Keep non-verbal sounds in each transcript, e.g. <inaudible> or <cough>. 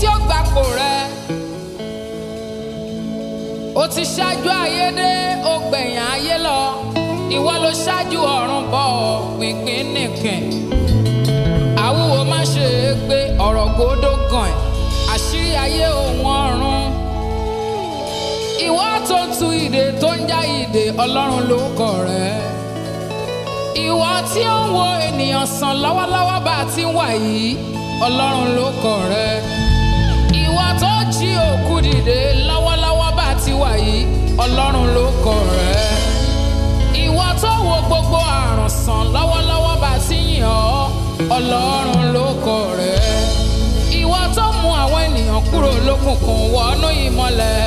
tí ó gbapò rẹ ó ti ṣáájú ayé dé ó gbẹ̀yìn ayé lọ ìwọ ló ṣáájú ọ̀run bọ̀ pínpín nìkan àwúwo má ṣe é pé ọ̀rọ̀ kò dógàn ẹ̀ àṣírí ayé òun ọ̀run ìwọ tó tu ìdè tó ń já ìdè ọlọ́run ló kọ̀ rẹ́ ìwọ tí ó ń wo ènìyàn sàn lọ́wọ́lọ́wọ́ bá a ti wà yìí ọlọ́run ló kọ̀ rẹ́ òkú dìde lọ́wọ́lọ́wọ́ bá ti wà yìí ọlọ́run ló kọ rẹ̀. ìwọ tó wo gbogbo àrùn sàn lọ́wọ́lọ́wọ́ bá ti yìn ọ́ ọlọ́run ló kọ rẹ̀. ìwọ tó mú àwọn ènìyàn kúrò lókùnkùn wọnú ìmọ́lẹ̀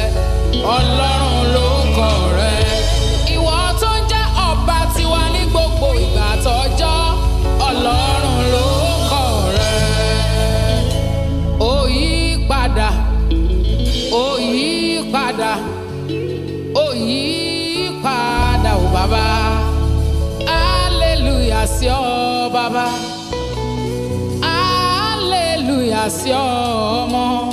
ọlọ́run ló kọ rẹ̀. nació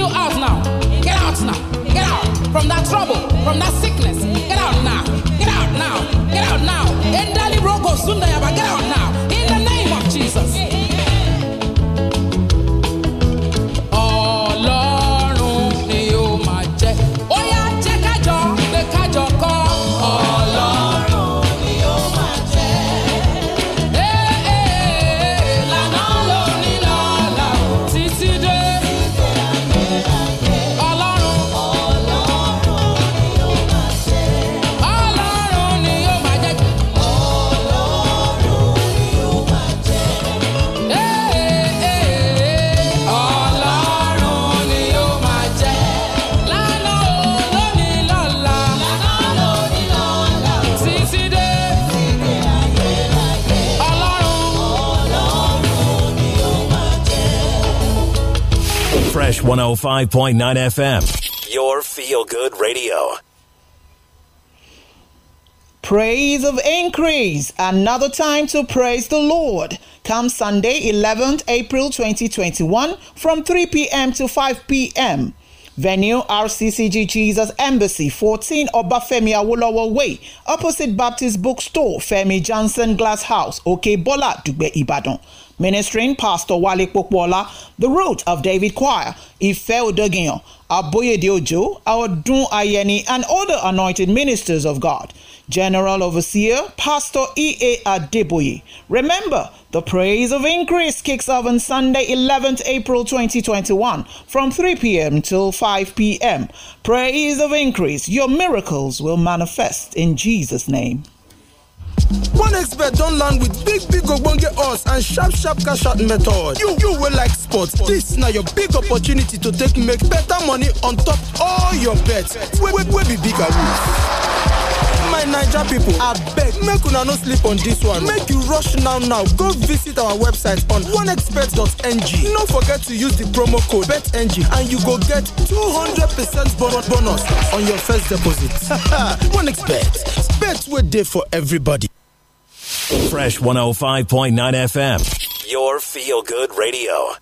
you out now. Get out now. Get out from that trouble, from that sickness. Get out now. Get out now. Get out now. Endali Rogo Sundayaba. Get out. 105.9 FM, your feel good radio. Praise of increase, another time to praise the Lord. Come Sunday, 11th April 2021, from 3 p.m. to 5 p.m. Venue RCCG Jesus Embassy, 14 Obafemi Awolowo Way, opposite Baptist Bookstore, Femi Johnson Glass House, Okay, bola, Dugbe Ibadan ministering pastor Wale Popwola, the root of David Choir, Ife Odogiyan, Aboyede Ojo, Odun Ayeni, and other anointed ministers of God. General Overseer, Pastor E.A. Adeboye. Remember, the Praise of Increase kicks off on Sunday, 11th April 2021 from 3 p.m. till 5 p.m. Praise of Increase, your miracles will manifest in Jesus' name. one expert don't land with big big ogbonge odds and sharp sharp cash out method you you will like sports This now your big opportunity to take make better money on top all your bets wey be bigger awoof my people, I beg make una no sleep on this one make you rush now now go visit our website on oneexpert.ng Don't forget to use the promo code betng and you go get 200 percent bonus on your first deposit <laughs> one expert bet wey day for everybody. Fresh 105.9 FM, your feel good radio.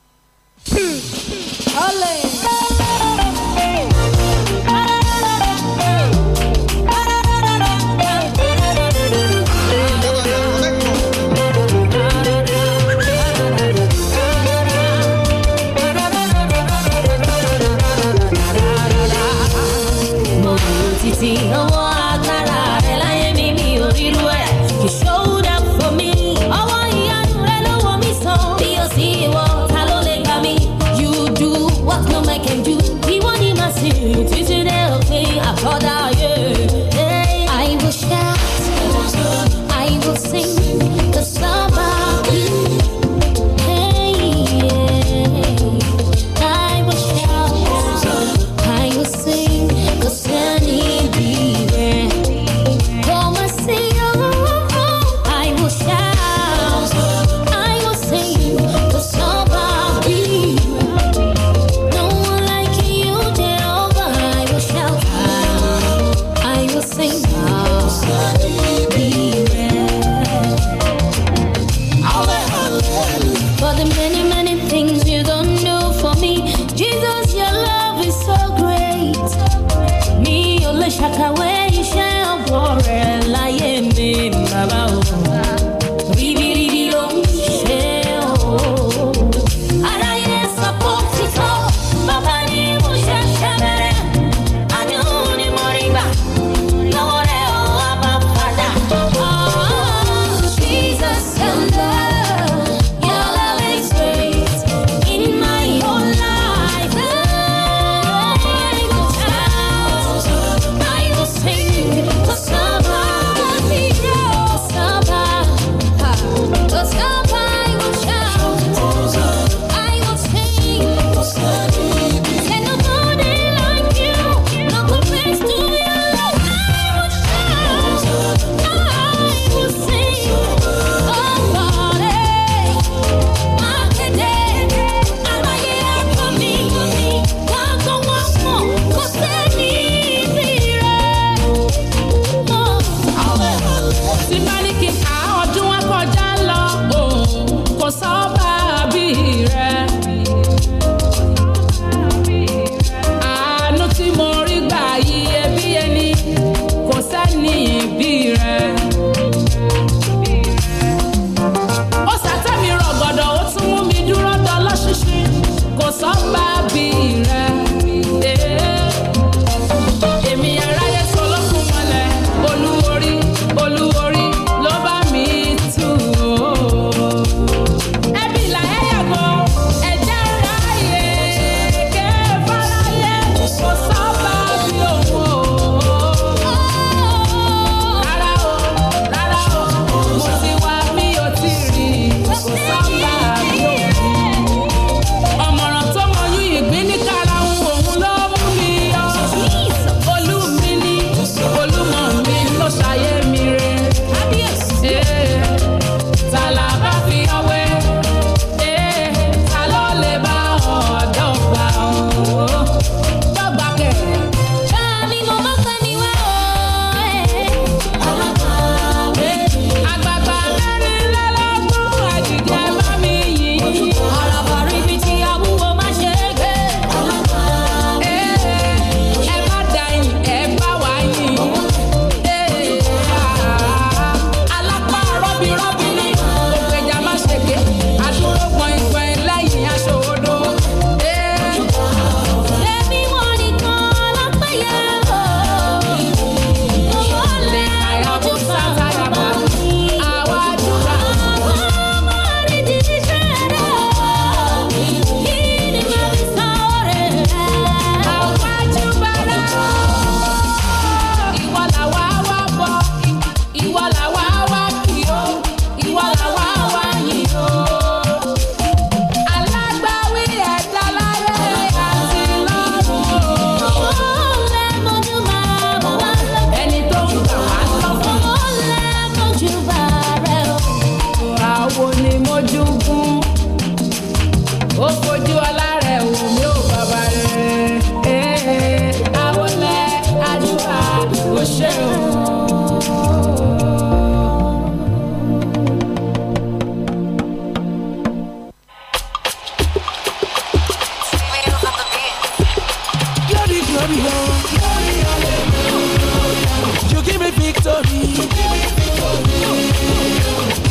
glory, oh. You give me victory.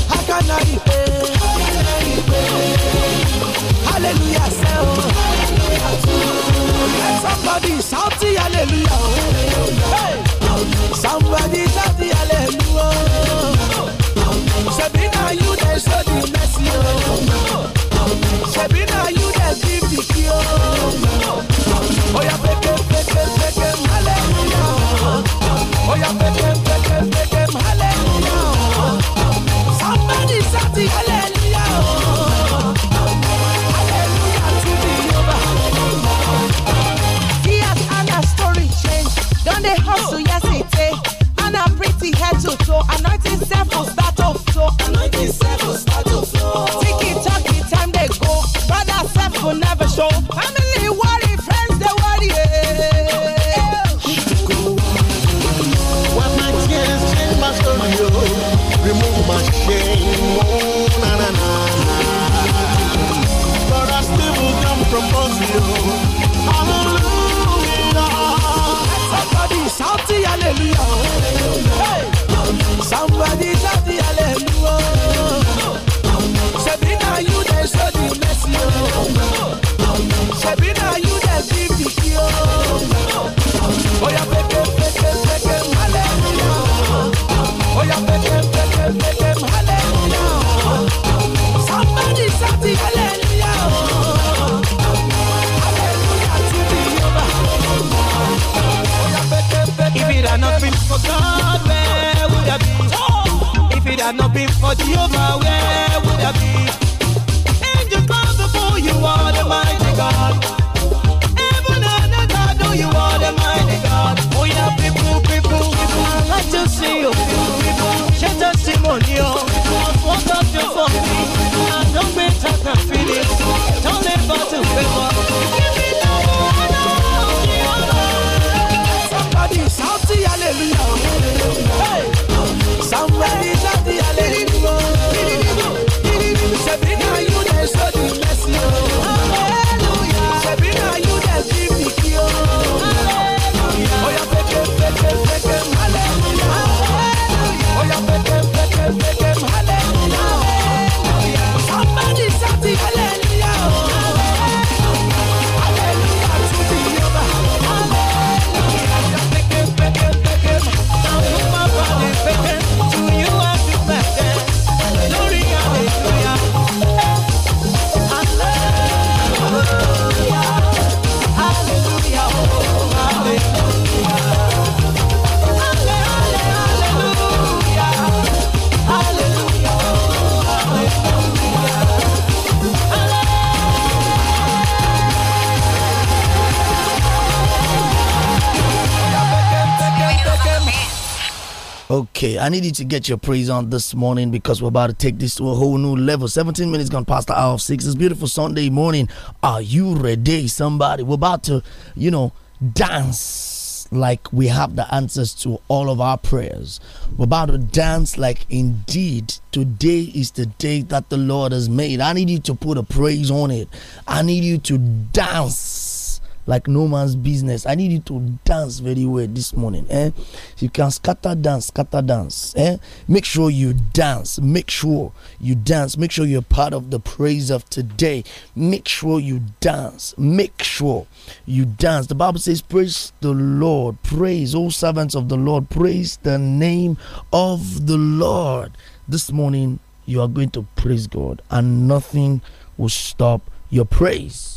How can I repay? Hallelujah, say oh. Somebody shout the hallelujah, oh. Hey, somebody shouting hallelujah. Oh. Sebi na you dey show the mercy, oh. Sebi na you. had not been for Jehovah, where would I be? Angels bow before you, are the mighty God. Heaven and earth know you, are the mighty God. Oh yeah, people, people, people, I like to see you. Share testimony, oh. what God do for me. I don't wait, I can feel it. Don't live out to favor. Give me the one, oh, Jehovah. Somebody shout hallelujah. Hey, somebody. Okay, I need you to get your praise on this morning because we're about to take this to a whole new level. 17 minutes gone past the hour of six. It's beautiful Sunday morning. Are you ready, somebody? We're about to, you know, dance like we have the answers to all of our prayers. We're about to dance like indeed today is the day that the Lord has made. I need you to put a praise on it. I need you to dance like no man's business. I need you to dance very well this morning. Eh? You can scatter dance, scatter dance. Eh? Make sure you dance. Make sure you dance. Make sure you're part of the praise of today. Make sure you dance. Make sure you dance. The Bible says, Praise the Lord. Praise, all servants of the Lord. Praise the name of the Lord. This morning, you are going to praise God, and nothing will stop your praise.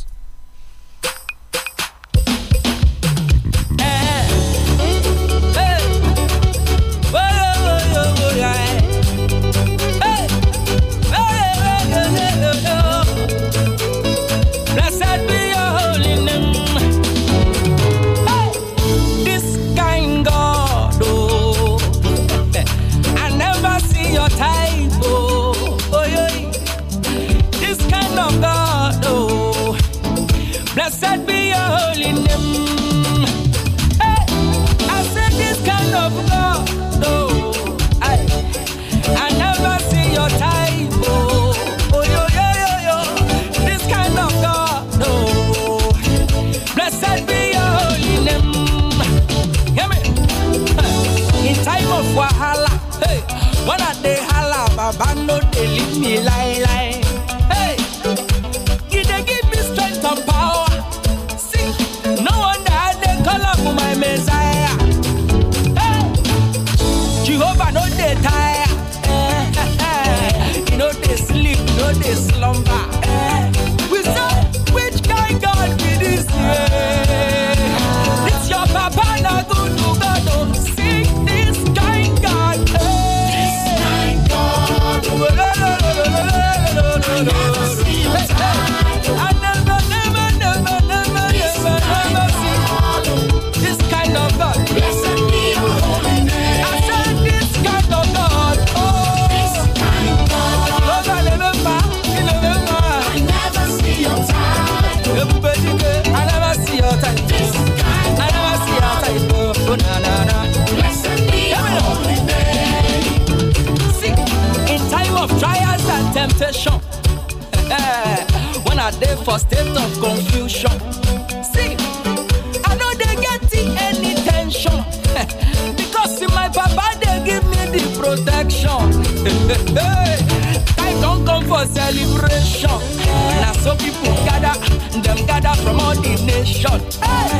for state of confusion see i know they get any tension <laughs> because see my papa they give me the protection <laughs> i don't come for celebration Now so people gather dem gather from all the nation. Hey!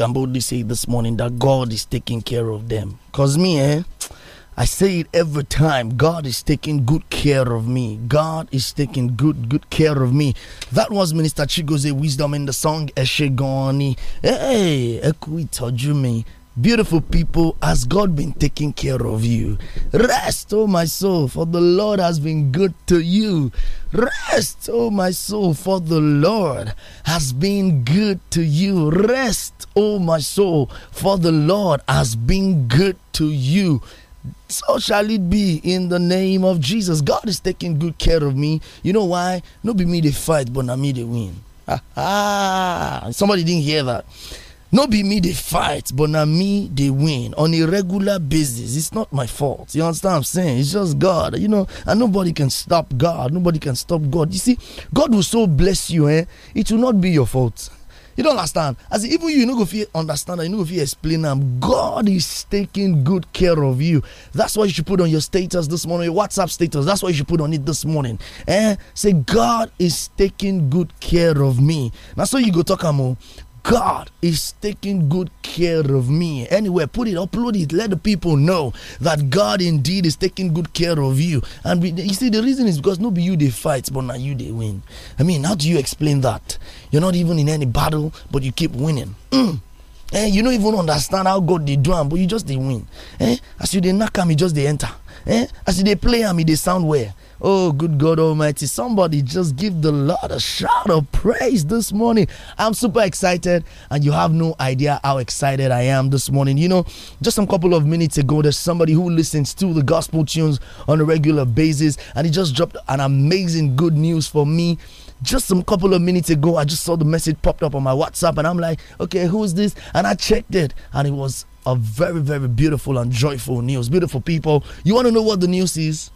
can boldly say this morning that God is taking care of them. Because me, eh? I say it every time. God is taking good care of me. God is taking good, good care of me. That was Minister Chigoze Wisdom in the song Eshegoni. Hey, Ekwitojume. Beautiful people, has God been taking care of you? Rest, oh my soul, for the Lord has been good to you. Rest, oh my soul, for the Lord has been good to you. Rest, O oh, my soul, for the Lord has been good to you. So shall it be in the name of Jesus. God is taking good care of me. You know why? No be me the fight, but na me the win. Ah, somebody didn't hear that. No be me the fight, but na me the win on a regular basis. It's not my fault. You understand what I'm saying? It's just God. You know, and nobody can stop God. Nobody can stop God. You see, God will so bless you, eh? It will not be your fault you don't understand as even you, you know go fit understand you know if you explain them, god is taking good care of you that's what you should put on your status this morning your whatsapp status that's what you should put on it this morning eh say god is taking good care of me Now, so you go talk am oh. God is taking good care of me. Anywhere, put it, upload it, let the people know that God indeed is taking good care of you. And we, you see, the reason is because nobody you they fight, but now you they win. I mean, how do you explain that? You're not even in any battle, but you keep winning. Mm. Eh, you don't even understand how God they do, but you just they win. Eh? As you they knock him, you just they enter. Eh? As you they play him, he they sound where. Well. Oh, good God Almighty. Somebody just give the Lord a shout of praise this morning. I'm super excited, and you have no idea how excited I am this morning. You know, just a couple of minutes ago, there's somebody who listens to the gospel tunes on a regular basis, and he just dropped an amazing good news for me just some couple of minutes ago, I just saw the message popped up on my WhatsApp, and I'm like, okay, who's this? And I checked it, and it was a very, very beautiful and joyful news. Beautiful people. You want to know what the news is?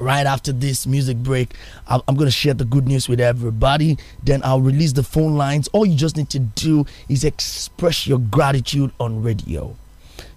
right after this music break i'm going to share the good news with everybody then i'll release the phone lines all you just need to do is express your gratitude on radio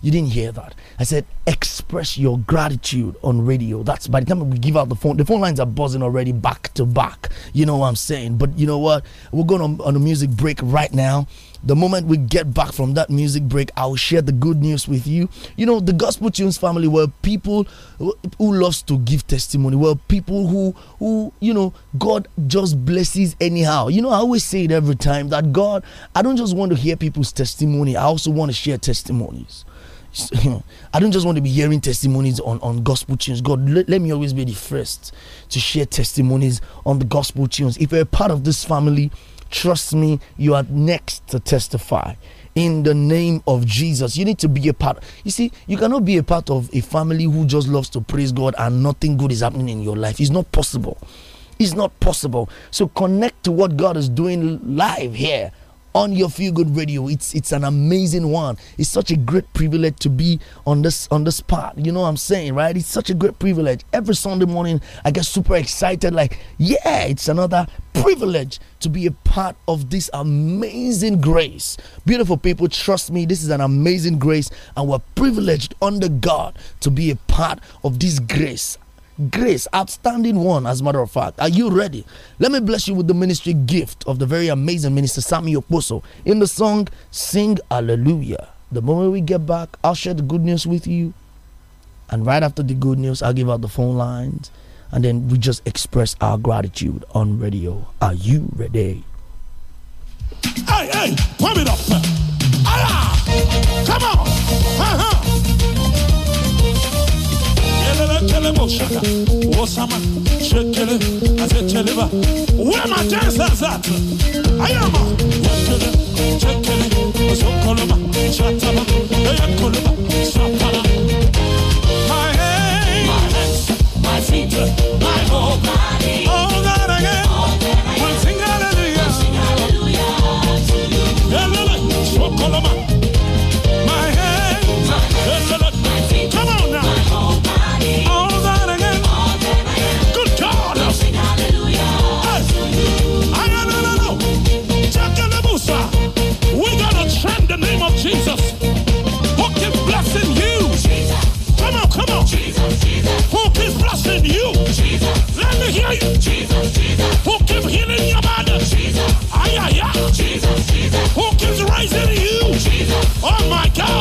you didn't hear that. I said, express your gratitude on radio. That's by the time we give out the phone, the phone lines are buzzing already back to back. You know what I'm saying? But you know what? We're going on, on a music break right now. The moment we get back from that music break, I'll share the good news with you. You know, the Gospel Tunes family were people who loves to give testimony, were people who, who, you know, God just blesses anyhow. You know, I always say it every time that God, I don't just want to hear people's testimony, I also want to share testimonies. <laughs> I don't just want to be hearing testimonies on, on gospel tunes. God, let, let me always be the first to share testimonies on the gospel tunes. If you're a part of this family, trust me, you are next to testify in the name of Jesus. You need to be a part. You see, you cannot be a part of a family who just loves to praise God and nothing good is happening in your life. It's not possible. It's not possible. So connect to what God is doing live here on your Feel Good Radio. It's it's an amazing one. It's such a great privilege to be on this on this spot. You know what I'm saying, right? It's such a great privilege. Every Sunday morning, I get super excited. Like, yeah, it's another privilege to be a part of this amazing grace. Beautiful people, trust me, this is an amazing grace, and we're privileged under God to be a part of this grace grace, outstanding one, as a matter of fact. Are you ready? Let me bless you with the ministry gift of the very amazing minister Sammy Oposo in the song Sing Hallelujah. The moment we get back, I'll share the good news with you. And right after the good news, I'll give out the phone lines. And then we just express our gratitude on radio. Are you ready? Hey, hey, pump it up. Come on. Uh-huh. shaka osama shekele azeteliba wema tesazat ayama wekele shekele osokoloma shataba eyekoloma satana my hands my feet my whole body you. Jesus. Oh my God.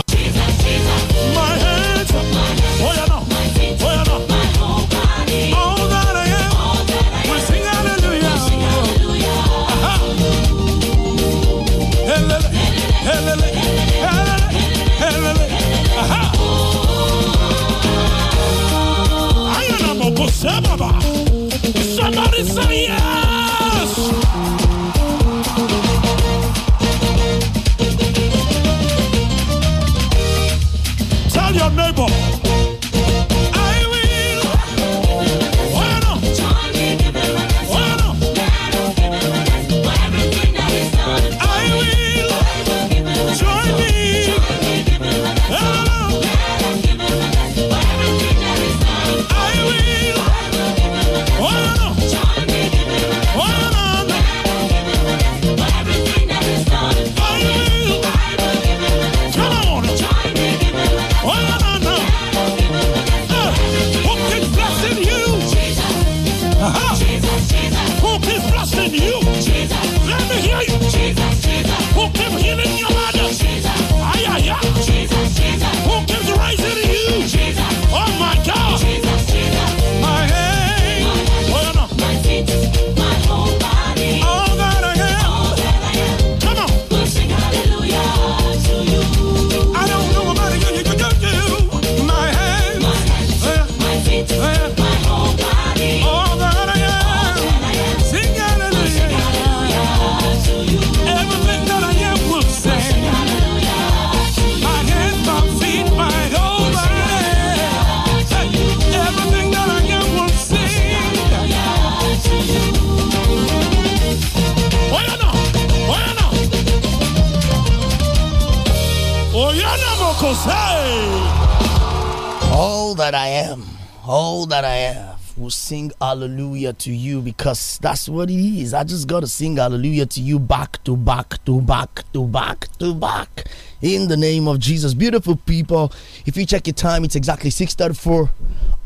hallelujah to you because that's what it is. I just got to sing hallelujah to you back to back to back to back to back in the name of Jesus. Beautiful people, if you check your time, it's exactly 6:34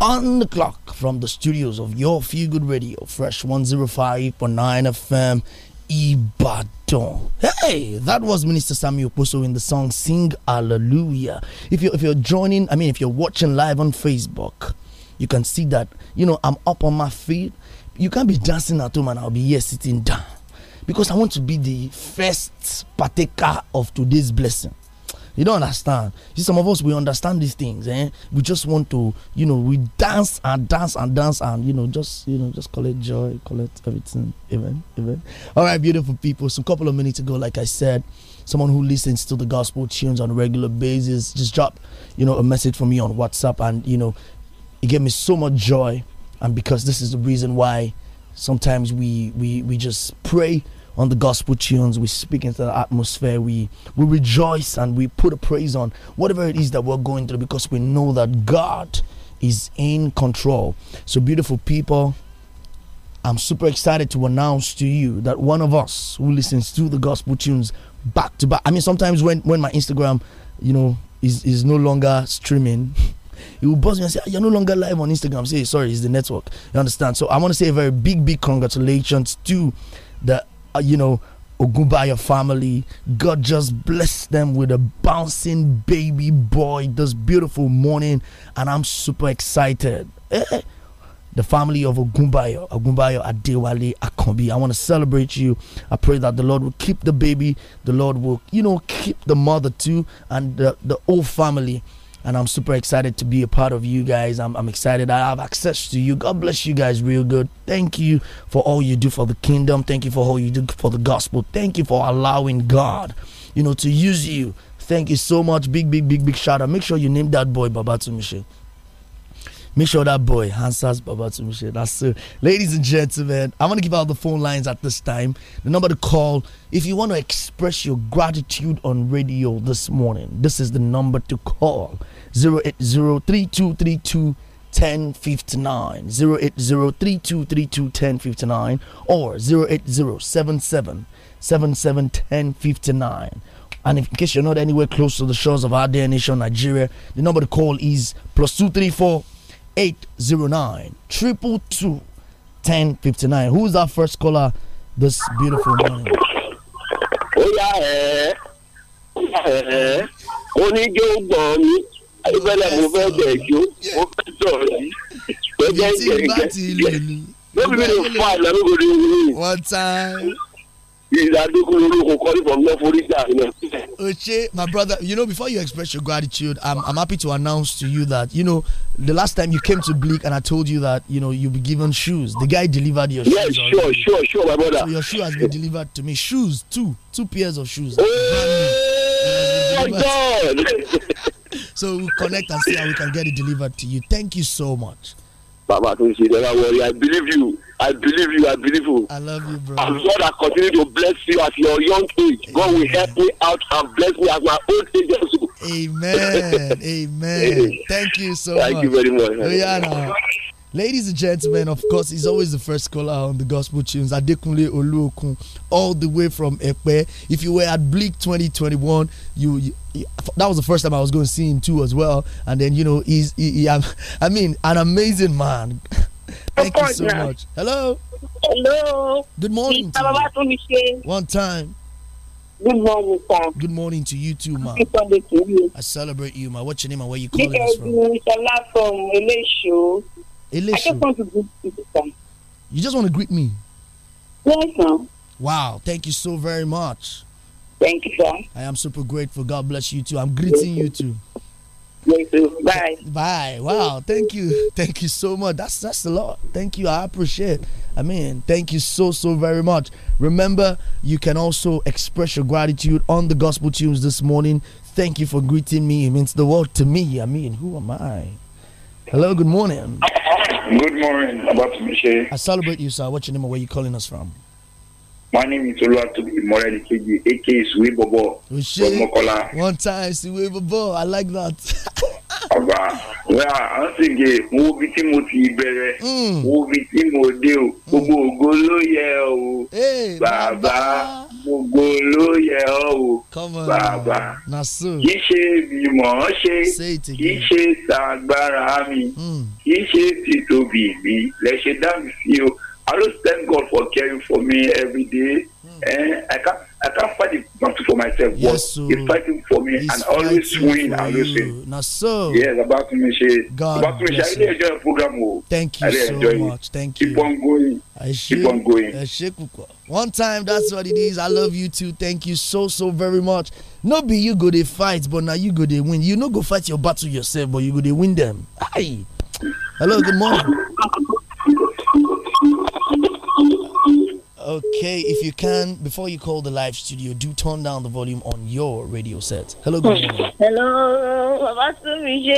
on the clock from the studios of Your Feel Good Radio, Fresh 105.9 FM. Ibadan. Hey, that was Minister Samuel Poso in the song Sing Hallelujah. If you're if you're joining, I mean if you're watching live on Facebook, you can see that, you know, I'm up on my feet. You can't be dancing at home and I'll be here sitting down. Because I want to be the first partaker of today's blessing. You don't understand. See, some of us we understand these things, eh? We just want to, you know, we dance and dance and dance and you know, just you know, just call it joy, call it everything. Amen. Amen. All right, beautiful people. So, a couple of minutes ago, like I said, someone who listens to the gospel tunes on a regular basis just drop, you know, a message for me on WhatsApp and you know, it gave me so much joy, and because this is the reason why sometimes we we we just pray on the gospel tunes, we speak into the atmosphere, we we rejoice and we put a praise on whatever it is that we're going through because we know that God is in control. So beautiful people, I'm super excited to announce to you that one of us who listens to the gospel tunes back to back. I mean sometimes when when my Instagram, you know, is is no longer streaming <laughs> He will buzz me and say, ah, You're no longer live on Instagram. Say, sorry, it's the network. You understand? So I want to say a very big, big congratulations to the, uh, you know, Ogunbayo family. God just blessed them with a bouncing baby boy this beautiful morning. And I'm super excited. Eh? eh. the family of Ogunbayo, Ogunbayo Adewale Akombi. I want to celebrate you. I pray that the Lord will keep the baby, the Lord will, you know, keep the mother too, and the, the whole family and I'm super excited to be a part of you guys. I'm, I'm excited. I have access to you. God bless you guys real good. Thank you for all you do for the kingdom. Thank you for all you do for the gospel. Thank you for allowing God, you know, to use you. Thank you so much. Big, big, big, big shout out. Make sure you name that boy Babatu Michelle. Make sure that boy answers Baba to Michelle. That's it. Ladies and gentlemen, I'm going to give out the phone lines at this time. The number to call if you want to express your gratitude on radio this morning. This is the number to call 080 1059 080 or 08077 and if, in case you're not anywhere close to the shores of our dear nation Nigeria the number to call is plus 234 809 1059. Who's that first caller this beautiful morning? one time. Oche, my brother, you know, before you express your gratitude, I'm, I'm happy to announce to you that, you know, the last time you came to Bleak and I told you that, you know, you'll be given shoes. The guy delivered your shoes. Yes, sure, already. sure, sure, my brother. So your shoe has been delivered to me. Shoes, two, two pairs of shoes. Oh, my God. <laughs> so we'll connect and see how we can get it delivered to you. Thank you so much. Baba Tunji, never worry. I believe you. I believe you. I believe you. I love you, bro. As God, I continue to bless you at your young age. Amen. God will help me out and bless me at my old age also. Amen. Amen. <laughs> Thank you so Thank much. Thank you very much. Rihanna. Ladies and gentlemen, of course, he's always the first caller on the gospel tunes. Adekunle Oluokun, all the way from Epe. If you were at Bleak 2021, you, you, that was the first time I was going to see him too as well. And then you know he's he, he I mean an amazing man. <laughs> Thank you so much. Hello. Hello. Good morning. One time. Good morning, sir. Good morning to you too, ma. Good morning to you. I celebrate you, ma. What's your name and where you calling us from? It's from Elesho you just want to greet me? Yes, Wow, thank you so very much. Thank you, sir. I am super grateful. God bless you too. I'm greeting you too. Yes, Bye. Bye. Wow. Thank you. <laughs> Thank you so much. That's that's a lot. Thank you. I appreciate. I mean, thank you so so very much. Remember, you can also express your gratitude on the gospel tunes this morning. Thank you for greeting me. It means the world to me. I mean, who am I? Hello. Good morning. Good morning, Abatumshe. I celebrate you, sir. What's your name and where you calling us from? My name is Oluwatobi Morel Keji, aka Suwebobo from Mokola. One time, Suwebobo, I like that. Ọba, wẹ́n à ń sèké, wo bí tí mo ti bẹ̀rẹ̀, wo hmm. bí tí mo dé o, hmm. gbogbo ògo ló yẹ o, bàbá gbogbo ló yẹ ọ́ o bàbá kì í ṣe ìmọ̀ ọ́ ṣe hmm. kì í ṣe tàgbára mi kì í ṣe tìtòbí mi lẹ dá mi sí o I just thank God for caring for me every day mm. eh, I can't I can't fight it not for myself. Yes, so he's oh, fighting for me and always win and losing. Now, so yes, about me, she, God about me, she, I really enjoy the program. Oh. Thank you so much. It. Thank Keep you. Keep on going. I Keep on going. One time, that's what it is. I love you too. Thank you so so very much. No be you go they fight, but now you go they win. You no go fight your battle yourself, but you go they win them. Hi. Hello, good morning. Okay, if you can, before you call the live studio, do turn down the volume on your radio set. Hello, good morning. <laughs> Hello, Good morning.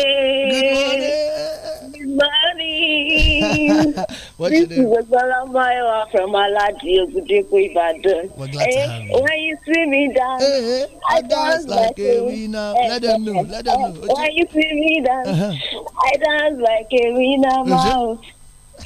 Good morning. <laughs> What's this your name? is Ogolamaiwa from Aladi, Ogudepo, Ibadan. We're glad to eh, have you. When you see me eh, eh, dance, hey, hey, I, I dance, like, like a winner. Hey, Let them know. Let them know. When you see me dance, uh-huh. I dance like a winner. Uh-huh.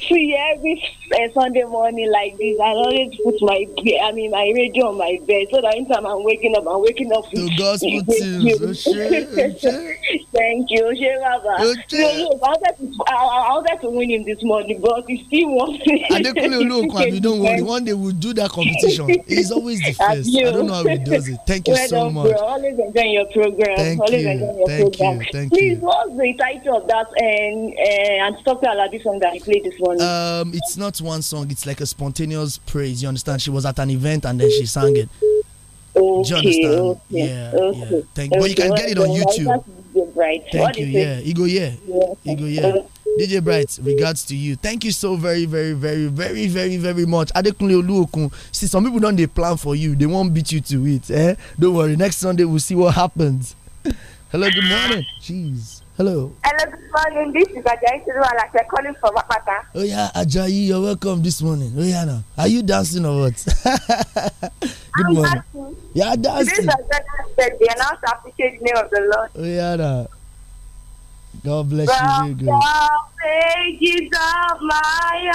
See, every uh, Sunday morning like this, I always put my I mean my radio on my bed so that anytime I'm waking up, I'm waking up. The gospel tunes. Oh, oh, <laughs> Thank you, Oshe oh, Baba. Oshe. I wanted to win him this morning, but he still wants it. <laughs> Adekunle Oluokun, you don't worry. <laughs> One day we'll do that competition. He's always the first. I don't know how he does it. Thank you well so done, much. Bro. Always enjoying your program. Thank always you. Enjoying your Thank program. you. Thank Please, you. what's the title of that eh, eh, and uh, and Dr. Alabi song that he played this morning? Um, it's not one song. It's like a spontaneous praise. You understand? She was at an event and then she sang it. Okay, Do you understand? Okay, yeah, okay. yeah. Thank you. But you can get it on YouTube. Bright. Thank what you. Yeah, Ego. Yeah, yeah. Ego. Yeah. DJ Bright, regards to you. Thank you so very, very, very, very, very, very much. Adekunle Oluokun. See, some people don't they plan for you. They won't beat you to it. Eh? Don't worry. Next Sunday we'll see what happens. <laughs> Hello. Good morning. Jeez. Hello. Hello, good morning. This is Ajayi Tiruwalake calling from Apata. Oh, yeah, Ajayi, you're welcome this morning. Oh, yeah, now. Are you dancing or what? <laughs> good I'm morning. Dancing. Yeah, dancing. This is said they announced appreciate the name of the Lord. Oh, yeah, now. God bless From you. From the pages of my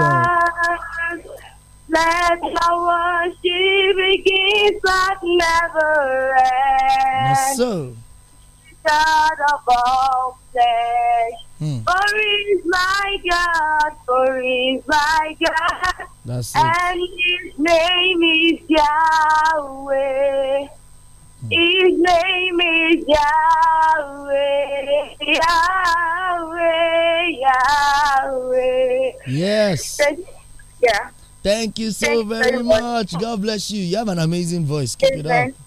eyes, let my worship begin but never ends. So. God of all flesh. Mm. For He's my God, for He's my God. That's it. And his name is Yahweh. Mm. His name is Yahweh, Yahweh, Yahweh. Yes. yeah. Thank you so Thank very, very much. much. God bless you. You have an amazing voice. Keep Amen. it up.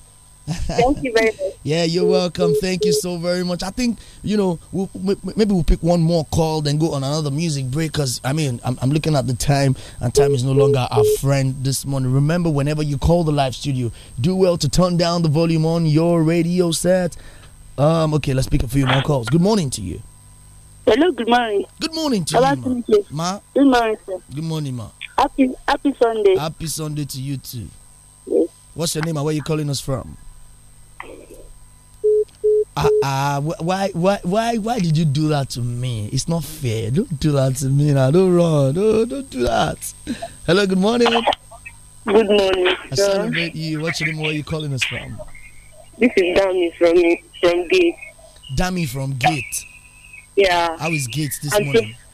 Thank you very much. <laughs> Yeah, you're welcome. Thank you so very much. I think you know we'll, maybe we'll pick one more call then go on another music break because I mean I'm, I'm, looking at the time and time is no longer our friend this morning. Remember, whenever you call the live studio, do well to turn down the volume on your radio set. Um, okay, let's pick a few more calls. Good morning to you. Hello, good morning. Good morning to Hello, you, ma. ma. Good morning, sir. Good morning, ma. Happy Happy Sunday. Happy Sunday to you too. Yes. What's your name and where are you calling us from? ah ah why why why why did you do that to me it's not fair don't do that to me now don't run don't, don't do that hello good morning good morning i sir. celebrate you what name where you calling us from this is Dami from from gate Dami from gate yeah how is gate this I'm morning so,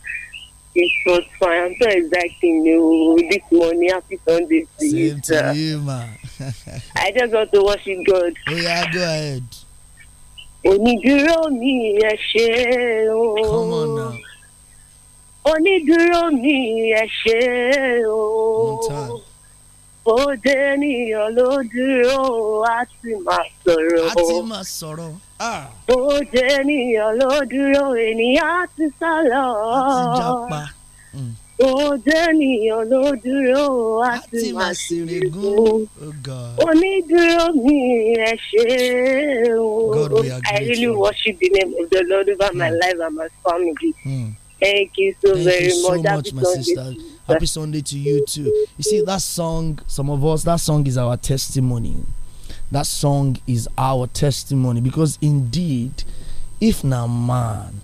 it was fine i'm so exacting you this morning happy sunday to Same you, to you man. i just want to worship god oh yeah go ahead onídùúró mi ẹ ṣeun onídùúró mi ẹ o bóde ènìyàn ló dúró á ti máa sọ̀rọ̀ á ti máa sọ̀rọ̀ bóde ah. ènìyàn ló dúró ènìyàn á ti sá lọ á òjẹ́ni olódúró a ti gún onídúró mi ẹ ṣe o I really worship the name of the Lord over mm. my hmm. life and my family. Mm. Thank you so Thank very you so much. much my sister. Happy Sunday to you too. You see that song, some of us, that song is our testimony. That song is our testimony because indeed, if now man,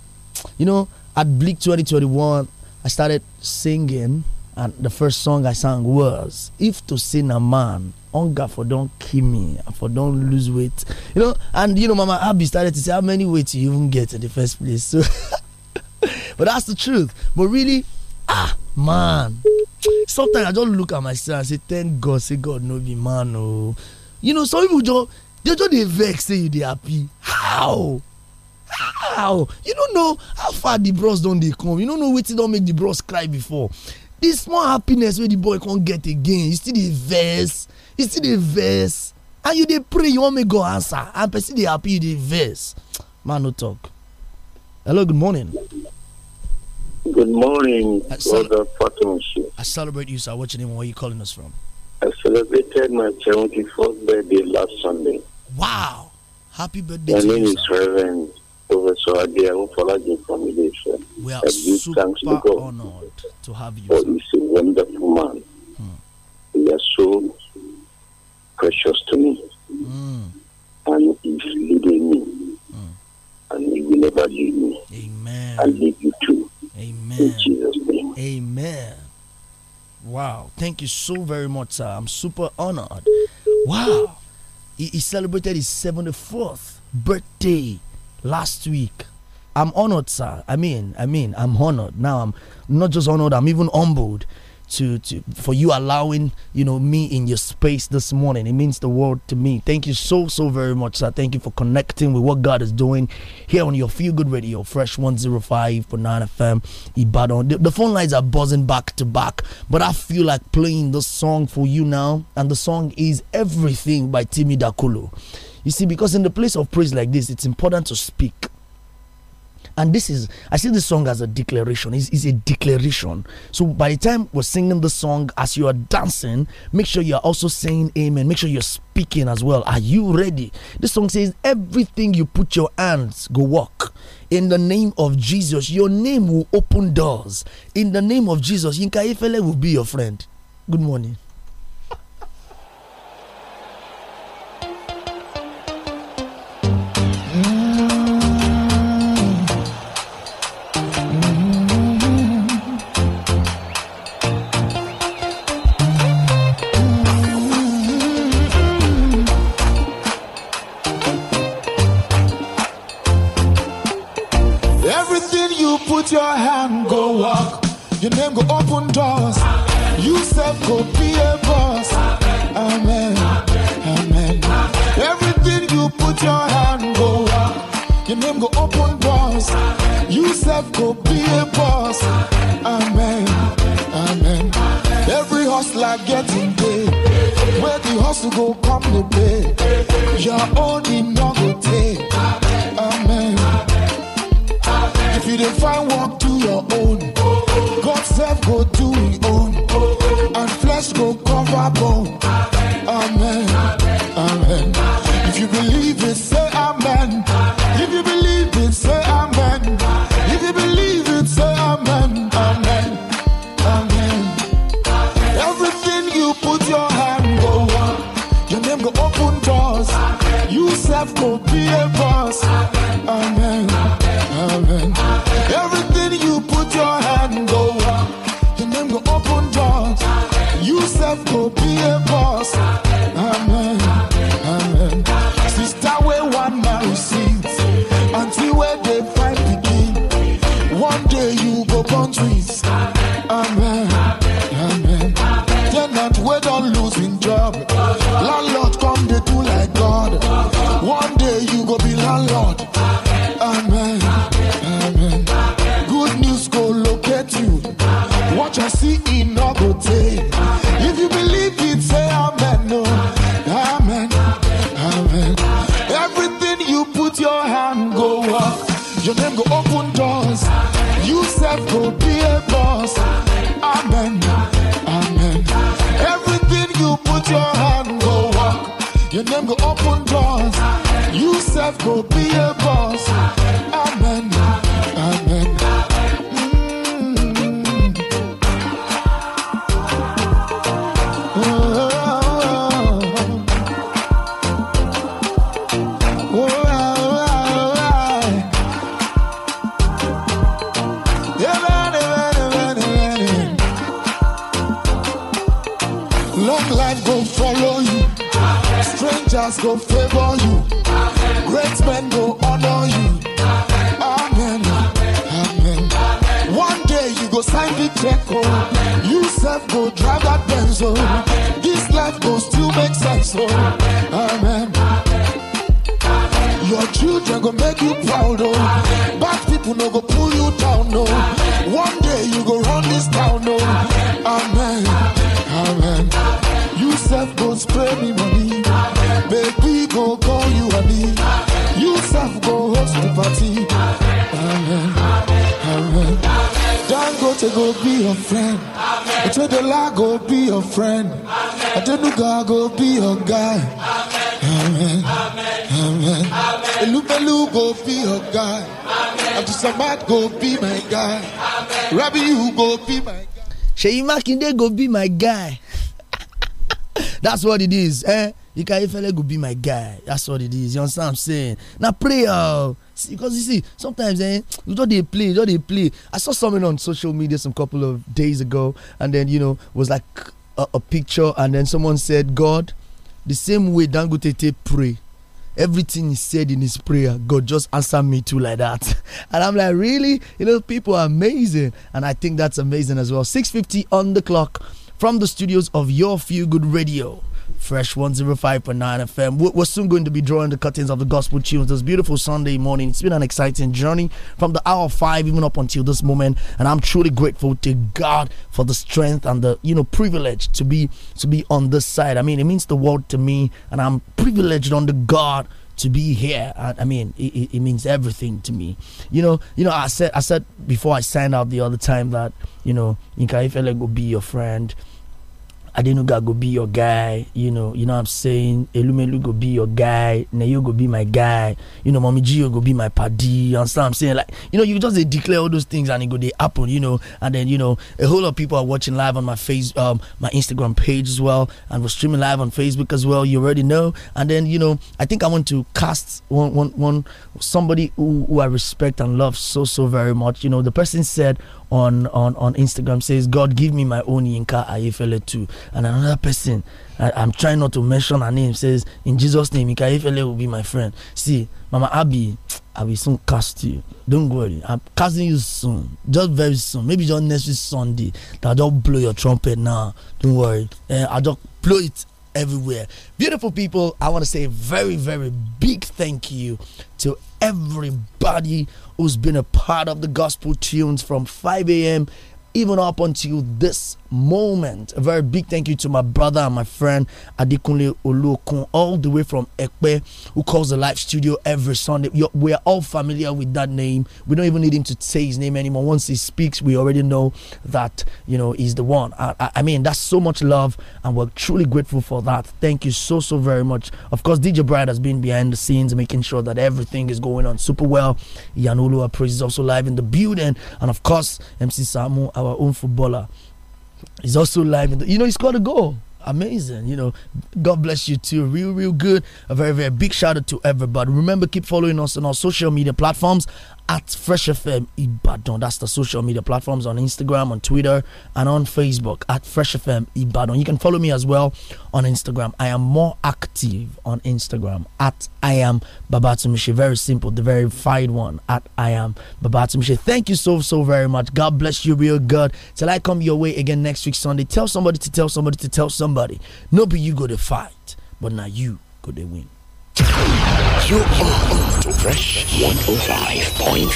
you know, at Bleak 2021, I started singing, and the first song I sang was If to Sin a Man, Hunger for Don't Kill Me, for Don't Lose Weight. You know, and you know, Mama Abby started to say, How many weights you even get in the first place? So, <laughs> but that's the truth. But really, ah, man. Sometimes I just look at myself and say, Thank God, say God, no be man. Oh, you know, some people just they just they vex, say you they happy. How? how you don't know how far the bros don dey come you no know wetin don make the bros cry before this small happiness wey the boy come get again you still dey vex you still dey vex and you dey pray you wan make god answer and person dey happy you dey vex man no talk hello good morning. good morning brother i celebrate you sir what's your name where are you calling us from. i celebrated my seventy-fourth birthday last sunday. wow happy birthday my to you sir my name is reverend Professor Adeo Falaji from Malaysia. We are super honored to have you. Oh, He's a wonderful man. Hmm. He is so precious to me. Hmm. And he's leading me. Hmm. And he will never leave me. Amen. I need you too. Amen. In Jesus' name. Amen. Wow. Thank you so very much, sir. I'm super honored. Wow. He, he celebrated his 74th birthday last week. I'm honored, sir. I mean, I mean, I'm honored. Now I'm not just honored, I'm even humbled to, to for you allowing, you know, me in your space this morning. It means the world to me. Thank you so so very much, sir. Thank you for connecting with what God is doing here on your Feel Good Radio, Fresh 105.9 FM, Ibadan. The, the phone lines are buzzing back to back, but I feel like playing this song for you now, and the song is Everything by Timmy Dakulu. You see, because in the place of praise like this, it's important to speak. And this is, I see this song as a declaration. It's, it's a declaration. So by the time we're singing the song, as you are dancing, make sure you're also saying amen. Make sure you're speaking as well. Are you ready? This song says, Everything you put your hands, go walk. In the name of Jesus, your name will open doors. In the name of Jesus, Yinka Ifele will be your friend. Good morning. name go open doors. You self go be a boss. Amen. Amen. Every hustler getting paid. Where the hustle go come to pay. Your own in no go take. Amen. If you don't find work, to your own. God self go do his own. And flesh go cover bone. Amen. Amen. If you believe go be a boss. Amen. Amen. Sister, we want mercy. go Amen. Amen. amen, Dangote go to go be your friend. To the Etodola go be your friend. Adenuga go be your guy. Amen. Amen. amen, amen. Elubelu go be your guy. To Samad go be my guy. Rabbi you go be my guy. Sheyi Makinde go be my guy. <laughs> That's what it is. Eh? Ika Ifele go be my guy. That's what it is. You understand what I'm saying? Now pray. Uh, because you see, sometimes eh, you know they play, you they play. I saw someone on social media some couple of days ago, and then you know was like a, a picture, and then someone said, "God, the same way Dangote pray." everything he said in his prayer, God just answered me too like that. <laughs> And I'm like, really? You know, people are amazing. And I think that's amazing as well. 6.50 on the clock from the studios of Your Feel Good Radio. Fresh 105.9 FM. We're soon going to be drawing the curtains of the gospel tunes this beautiful Sunday morning. It's been an exciting journey from the hour five even up until this moment, and I'm truly grateful to God for the strength and the you know privilege to be to be on this side. I mean, it means the world to me, and I'm privileged under God to be here. I, I mean, it, it, means everything to me. You know, you know, I said I said before I signed out the other time that you know Inka Ifele will be your friend. Adenuga go be your guy, you know, you know what I'm saying? Elumelu go be your guy, Neyo go be my guy, you know, Mommy Gio go be my paddy, You understand? I'm saying? Like, you know, you just declare all those things and it go they happen, you know, and then you know, a whole lot of people are watching live on my face um my Instagram page as well, and we're streaming live on Facebook as well, you already know. And then, you know, I think I want to cast one one one somebody who, who I respect and love so so very much. You know, the person said on, on, on Instagram says, God, give me my own Yinka Ayefele too. And another person, I, am trying not to mention her name, says, In Jesus' name, Yinka Ayefele will be my friend. See, Mama Abby, I will soon cast you. Don't worry. I'm casting you soon. Just very soon. Maybe just next Sunday. Sunday. That not blow your trumpet now. don't worry. Uh, I just blow it everywhere. Beautiful people, I want to say very, very big thank you to everybody who's been a part of the gospel tunes from 5 a.m. even up until this moment. A very big thank you to my brother and my friend Adikunle Olokun, all the way from Ekpe, who calls the live studio every Sunday. We are all familiar with that name. We don't even need him to say his name anymore. Once he speaks, we already know that you know he's the one. I, I mean, that's so much love, and we're truly grateful for that. Thank you so so very much. Of course, DJ Bright has been behind the scenes, making sure that everything is going on super well. Yanulu Praise is also live in the building, and of course, MC Samu, our own footballer. He's also live in the, you know, he's got a goal. Amazing, you know. God bless you too. Real, real good. A very, very big shout out to everybody. Remember, keep following us on our social media platforms at Fresh FM Ibadan. That's the social media platforms on Instagram, on Twitter, and on Facebook at Fresh FM Ibadan. You can follow me as well on Instagram. I am more active on Instagram at I am Babatumishi. Very simple, the verified one at I am Babatumishi. Thank you so, so very much. God bless you, real good. Till I come your way again next week, Sunday. Tell somebody to tell somebody to tell somebody. Nobody you go to fight, but now you go to win. You are on to Fresh 105.9.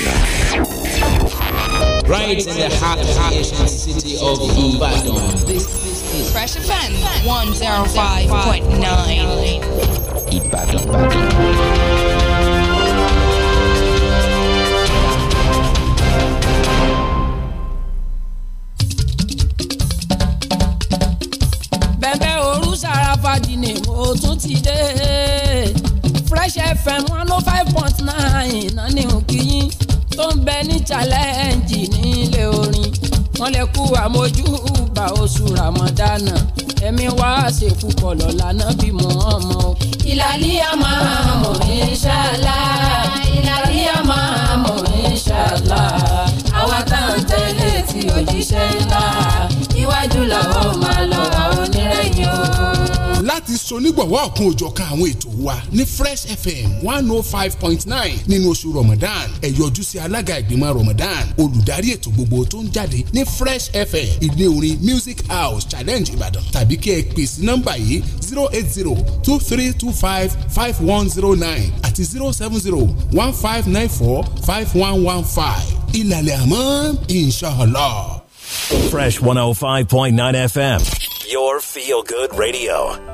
Right in the heart of the city of Ibadan. This is Fresh Offense 105.9. Ibadan. Ibadan. bẹ ní challenge nílé orin wọ́n lè kú àmójú bá oṣù ramadana ẹ̀mí wá ṣèkú kọlọ̀ lánàá bí mo hàn mọ́. ìlàlí àmà mọ̀ inṣàlá ìlàlí àmà mọ̀ inṣàlá àwa tá tẹ́lẹ̀ tí òjíṣẹ́ ńlá iwájú làwọn máa lọ àwọn onírẹ̀yìn o sonígbọ̀wọ́ ọ̀kan òjọ̀kan àwọn ètò wa ní fresh fm one oh five point nine nínú oṣù ramadan ẹ yọjú sí alága ìgbìmọ̀ ramadan olùdarí ètò gbogbo tó ń jáde ní fresh fm ilé orin music house challenge ìbàdàn tàbí kí ẹ pè sí nọ́mbà yìí zero eight zero two three two five five one zero nine àti zero seven zero one five nine four five one one five ìlàlẹ̀ àmọ́ inshallah. Fresh one oh five point nine FM, your feel good radio.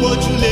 我只。